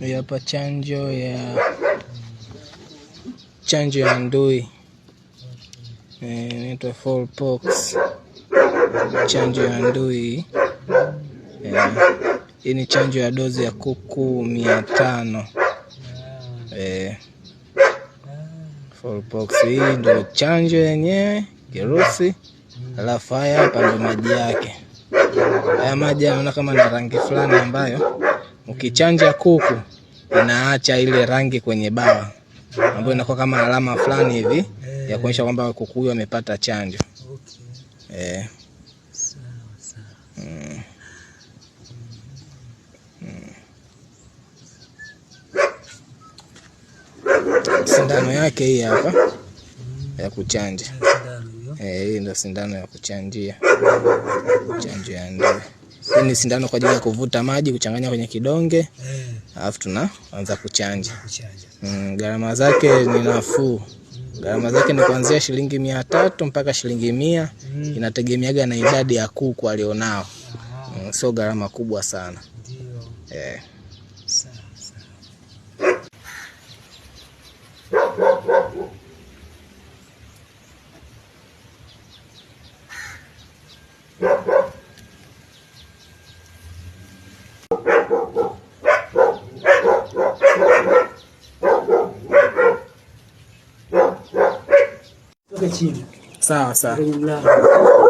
Hii hapa chanjo ya chanjo ya ndui eh, inaitwa e, pox. chanjo ya ndui eh, hii ni chanjo ya dozi ya kuku mia tano e, eh, pox hii ndio chanjo yenyewe kirusi. Alafu haya hapa ndio maji yake, haya maji yanaona kama na rangi fulani ambayo Ukichanja kuku inaacha ile rangi kwenye bawa ambayo inakuwa kama alama fulani hivi ya kuonyesha kwamba kuku huyo amepata chanjo. Okay. E. Mm. Sindano yake hii hapa mm. ya kuchanja. Eh, hii ndio sindano ya kuchanjia mm. chanjo ya ndio. Hii yaani ni sindano kwa ajili ya kuvuta maji kuchanganya kwenye kidonge, eh. alafu tunaanza kuchanja. Mm, gharama zake ni nafuu. Gharama zake ni kuanzia shilingi mia tatu mpaka shilingi mia, mm. inategemeaga na idadi ya kuku alionao. Ah. Mm, sio gharama kubwa sana. Eh. Sawa sawa.